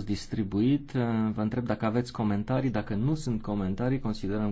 fost distribuit. Vă întreb dacă aveți comentarii. Dacă nu sunt comentarii, considerăm